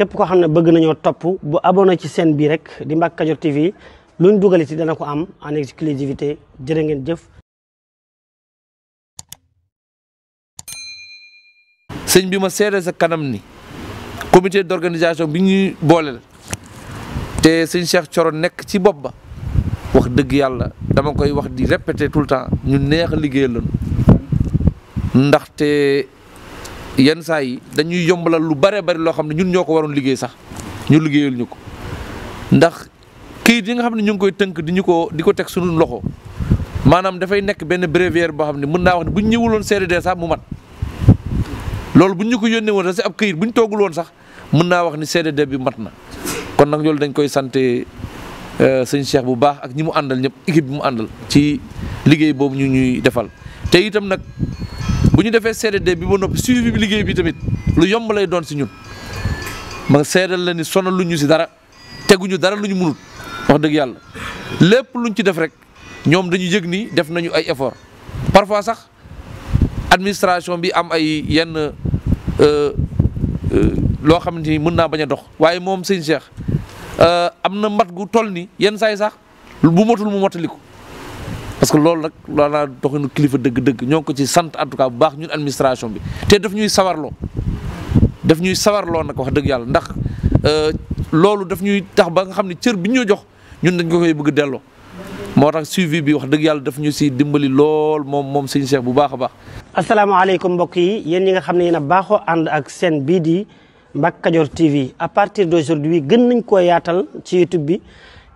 képp koo xam ne bëgg nañoo topp bu abonné ci seen bii rek di Mbacke Kadior TV luñ dugal ci dana ko am en exclusivité jëre ngeen jëf. sëñ bi ma seede sa kanam ni comité d'organisation bi ñuy booleel te sëñ Cheikh coro nekk ci bopp ba wax dëgg yàlla dama koy wax di répéter tout le temps ñu neex a liggéeyaloon ndaxte. yenn saa yi dañuy yombalal lu bare bari loo xam ne ñun ñoo ko waroon liggéey sax ñu liggéeyal ñu ko ndax kayit yi nga xam ne ñu ngi koy tënk di ñu ko di ko teg suñu loxo maanaam dafay nekk benn bréviaire boo xam ne mën naa wax ne bu ñu ñëwuloon CDD sax mu mat loolu bu ñu ko yónnee woon sax ab kayit bu ñu toogul woon sax mën naa wax ni CDD bi mat na kon nag loolu dañ koy sante euh, sëñ Cheikh bu baax ak ñi mu àndal ñëpp équipe bi mu àndal ci liggéey boobu ñu ñuy defal te itam nag bu ñu defee CDD bi ba noppi suivi bi liggéey bi tamit lu yomb lay doon si ñun ma seedal la ni sonal lu ñu si dara teguñu dara lu ñu munut wax dëgg yàlla lépp luñ ci def rek ñoom dañu yëg ni def nañu ay effort parfois sax administration bi am ay yenn euh, euh, loo xamante ni mën naa bañ a dox waaye moom sëñ Cheikh euh, am na mat gu toll ni yenn saay sax bu motul mu mottaliku parce que loolu nag daanaa doxinu kilifa dëgg-dëgg ñoo ko ci sant en tout cas bu baax ñun administration bi te daf ñuy sawarloo daf ñuy sawarloo nag wax dëgg yàlla ndax euh, loolu daf ñuy tax ba nga xam ne cër bi ñu jox ñun dañ ko koy bëgg delloo moo tax suivi bi wax dëgg yàlla daf ñu si dimbali lool moom moom sëñ Cheikh bu baax a baax. asalaamaaleykum mbokk yi yéen ñi nga xam ne yéen a baaxoo ànd ak seen bii di Mbacke Kadior TV à partir d'aujourd'hui gën nañ ko yaatal ci YouTube bi.